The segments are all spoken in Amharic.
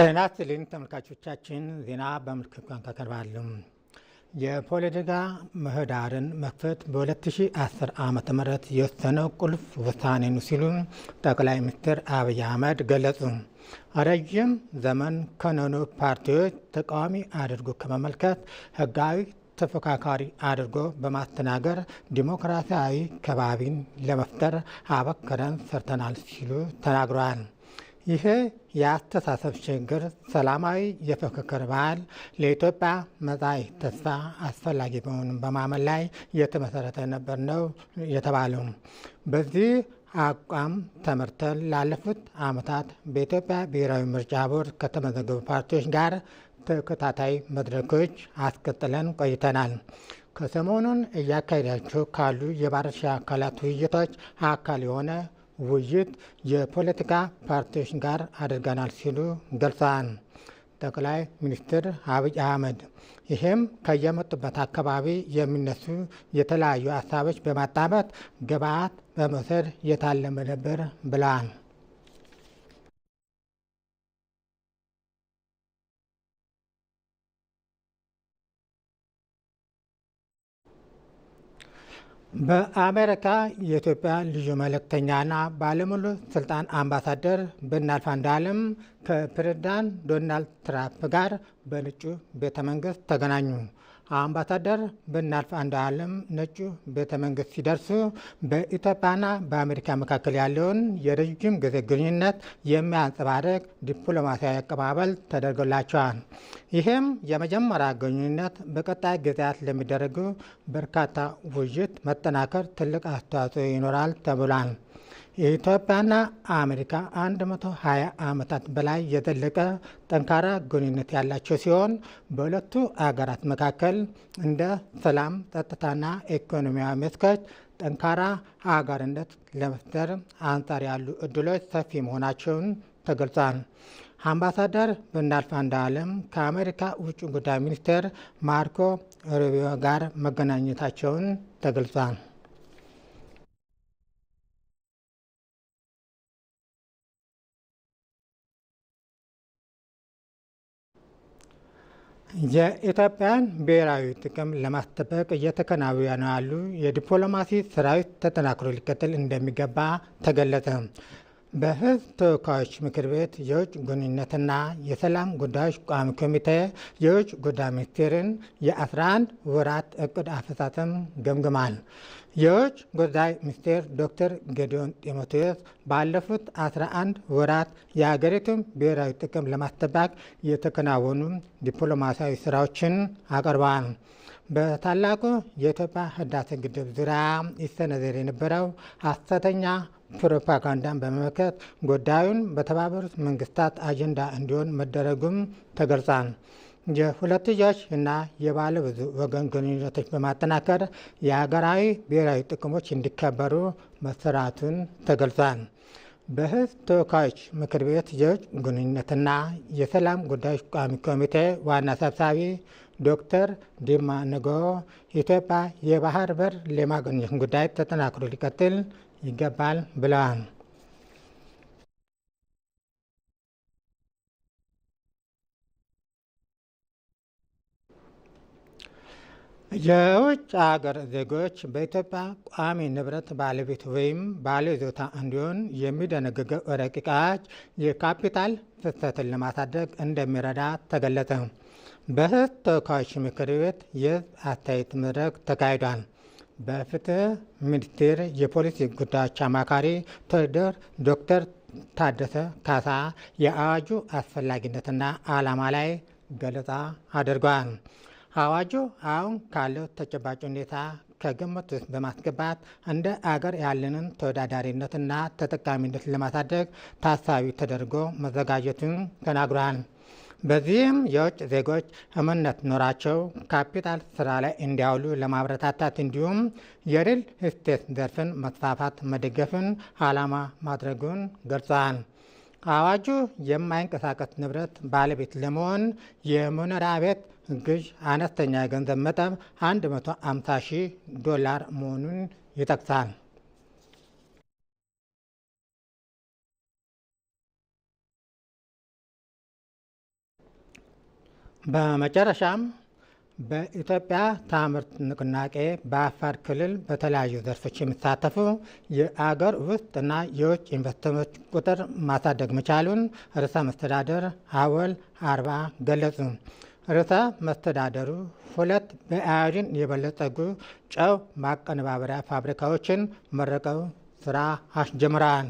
ጤና ይስጥልኝ ተመልካቾቻችን፣ ዜና በምልክት ቋንቋ ቀርባሉ። የፖለቲካ ምህዳርን መክፈት በ2010 ዓ ም የወሰነ ቁልፍ ውሳኔ ነው ሲሉ ጠቅላይ ሚኒስትር አብይ አህመድ ገለጹ። ረዥም ዘመን ከነኑ ፓርቲዎች ተቃዋሚ አድርጎ ከመመልከት ህጋዊ ተፎካካሪ አድርጎ በማስተናገር ዲሞክራሲያዊ ከባቢን ለመፍጠር አበክረን ሰርተናል ሲሉ ተናግረዋል። ይህ የአስተሳሰብ ችግር ሰላማዊ የፍክክር ባህል ለኢትዮጵያ መጻኢ ተስፋ አስፈላጊ መሆኑን በማመን ላይ የተመሰረተ ነበር ነው የተባለው። በዚህ አቋም ተመርተን ላለፉት ዓመታት በኢትዮጵያ ብሔራዊ ምርጫ ቦርድ ከተመዘገቡ ፓርቲዎች ጋር ተከታታይ መድረኮች አስቀጥለን ቆይተናል። ከሰሞኑን እያካሄዳቸው ካሉ የባለድርሻ አካላት ውይይቶች አካል የሆነ ውይይት የፖለቲካ ፓርቲዎች ጋር አድርገናል ሲሉ ገልጸዋል። ጠቅላይ ሚኒስትር አብይ አህመድ ይህም ከየመጡበት አካባቢ የሚነሱ የተለያዩ ሀሳቦች በማጣመት ግብዓት በመውሰድ እየታለመ ነበር ብለዋል። በአሜሪካ የኢትዮጵያ ልዩ መልእክተኛና ባለሙሉ ስልጣን አምባሳደር ብናልፍ አንዱዓለም ከፕሬዝዳንት ዶናልድ ትራምፕ ጋር በነጩ ቤተ መንግስት ተገናኙ። አምባሳደር ብናልፍ አንድ አለም ነጩ ቤተ መንግስት ሲደርሱ በኢትዮጵያና በአሜሪካ መካከል ያለውን የረዥም ጊዜ ግንኙነት የሚያንጸባርቅ ዲፕሎማሲያዊ አቀባበል ተደርጎላቸዋል። ይህም የመጀመሪያ ግንኙነት በቀጣይ ጊዜያት ለሚደረጉ በርካታ ውይይት መጠናከር ትልቅ አስተዋጽኦ ይኖራል ተብሏል። የኢትዮጵያና አሜሪካ 120 ዓመታት በላይ የዘለቀ ጠንካራ ግንኙነት ያላቸው ሲሆን በሁለቱ አገራት መካከል እንደ ሰላም፣ ጸጥታና ኢኮኖሚያዊ መስኮች ጠንካራ አጋርነት ለመፍጠር አንጻር ያሉ እድሎች ሰፊ መሆናቸውን ተገልጿል። አምባሳደር ብናልፍ አንዱዓለም ከአሜሪካ ውጭ ጉዳይ ሚኒስቴር ማርኮ ሩቢዮ ጋር መገናኘታቸውን ተገልጿል። የኢትዮጵያን ብሔራዊ ጥቅም ለማስጠበቅ እየተከናወኑ ያሉ የዲፕሎማሲ ሰራዊት ተጠናክሮ ሊቀጥል እንደሚገባ ተገለጸ። በሕዝብ ተወካዮች ምክር ቤት የውጭ ግንኙነትና የሰላም ጉዳዮች ቋሚ ኮሚቴ የውጭ ጉዳይ ሚኒስቴርን የ11 ወራት እቅድ አፈጻጸም ገምግሟል። የውጭ ጉዳይ ሚኒስቴር ዶክተር ጌዲዮን ጢሞቴዎስ ባለፉት 11 ወራት የሀገሪቱን ብሔራዊ ጥቅም ለማስጠበቅ የተከናወኑ ዲፕሎማሲያዊ ስራዎችን አቅርበዋል። በታላቁ የኢትዮጵያ ህዳሴ ግድብ ዙሪያ ይሰነዘር የነበረው ሐሰተኛ ፕሮፓጋንዳን በመመከት ጉዳዩን በተባበሩት መንግስታት አጀንዳ እንዲሆን መደረጉም ተገልጿል። የሁለትዮሽ እና የባለ ብዙ ወገን ግንኙነቶች በማጠናከር የሀገራዊ ብሔራዊ ጥቅሞች እንዲከበሩ መሰራቱን ተገልጿል። በሕዝብ ተወካዮች ምክር ቤት የውጭ ግንኙነትና የሰላም ጉዳዮች ቋሚ ኮሚቴ ዋና ሰብሳቢ ዶክተር ዲማ ነገ ኢትዮጵያ የባህር በር ለማግኘት ጉዳይ ተጠናክሮ ሊቀጥል ይገባል ብለዋል። የውጭ ሀገር ዜጎች በኢትዮጵያ ቋሚ ንብረት ባለቤት ወይም ባለይዞታ እንዲሆን የሚደነግገው ረቂቅ አዋጅ የካፒታል ፍሰትን ለማሳደግ እንደሚረዳ ተገለጸ። በሕዝብ ተወካዮች ምክር ቤት የሕዝብ አስተያየት መድረክ ተካሂዷል። በፍትህ ሚኒስቴር የፖሊሲ ጉዳዮች አማካሪ ቶዶር ዶክተር ታደሰ ካሳ የአዋጁ አስፈላጊነትና ዓላማ ላይ ገለጻ አድርጓል። አዋጁ አሁን ካለው ተጨባጭ ሁኔታ ከግምት ውስጥ በማስገባት እንደ አገር ያለንን ተወዳዳሪነትና ተጠቃሚነት ለማሳደግ ታሳቢ ተደርጎ መዘጋጀቱን ተናግሯል። በዚህም የውጭ ዜጎች እምነት ኖራቸው ካፒታል ስራ ላይ እንዲያውሉ ለማበረታታት እንዲሁም የሪል ስቴት ዘርፍን መስፋፋት መደገፍን ዓላማ ማድረጉን ገልጿል። አዋጁ የማይንቀሳቀስ ንብረት ባለቤት ለመሆን የመኖሪያ ቤት ግዥ አነስተኛ የገንዘብ መጠን 150 ሺህ ዶላር መሆኑን ይጠቅሳል። በመጨረሻም በኢትዮጵያ ታምርት ንቅናቄ በአፋር ክልል በተለያዩ ዘርፎች የሚሳተፉ የአገር እና የውጭ ኢንቨስተሮች ቁጥር ማሳደግ መቻሉን ርዕሰ መስተዳደር ሀወል አርባ ገለጹ። ርዕሰ መስተዳደሩ ሁለት በአዮዲን የበለጸጉ ጨው ማቀነባበሪያ ፋብሪካዎችን መርቀው ስራ አስጀምረዋል።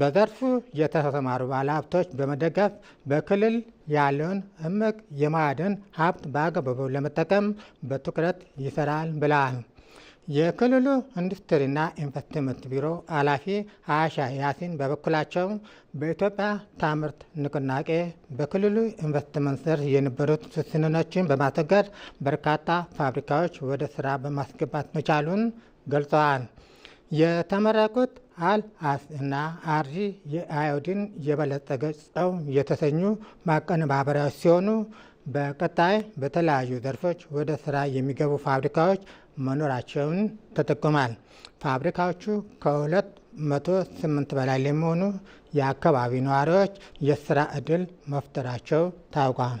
በዘርፉ የተሰማሩ ባለሀብቶች በመደገፍ በክልል ያለውን እምቅ የማዕድን ሀብት በአግባቡ ለመጠቀም በትኩረት ይሰራል ብለዋል። የክልሉ ኢንዱስትሪና ኢንቨስትመንት ቢሮ ኃላፊ አሻ ያሲን በበኩላቸው በኢትዮጵያ ታምርት ንቅናቄ በክልሉ ኢንቨስትመንት ስር የነበሩት ስስንኖችን በማስወገድ በርካታ ፋብሪካዎች ወደ ስራ በማስገባት መቻሉን ገልጸዋል። የተመረቁት አል እና አርጂ የአዮዲን የበለጸገ ጨው የተሰኙ ማቀነባበሪያዎች ሲሆኑ በቀጣይ በተለያዩ ዘርፎች ወደ ስራ የሚገቡ ፋብሪካዎች መኖራቸውን ተጠቁሟል። ፋብሪካዎቹ ከሁለት መቶ ስምንት በላይ ለሚሆኑ የአካባቢ ነዋሪዎች የስራ እድል መፍጠራቸው ታውቋል።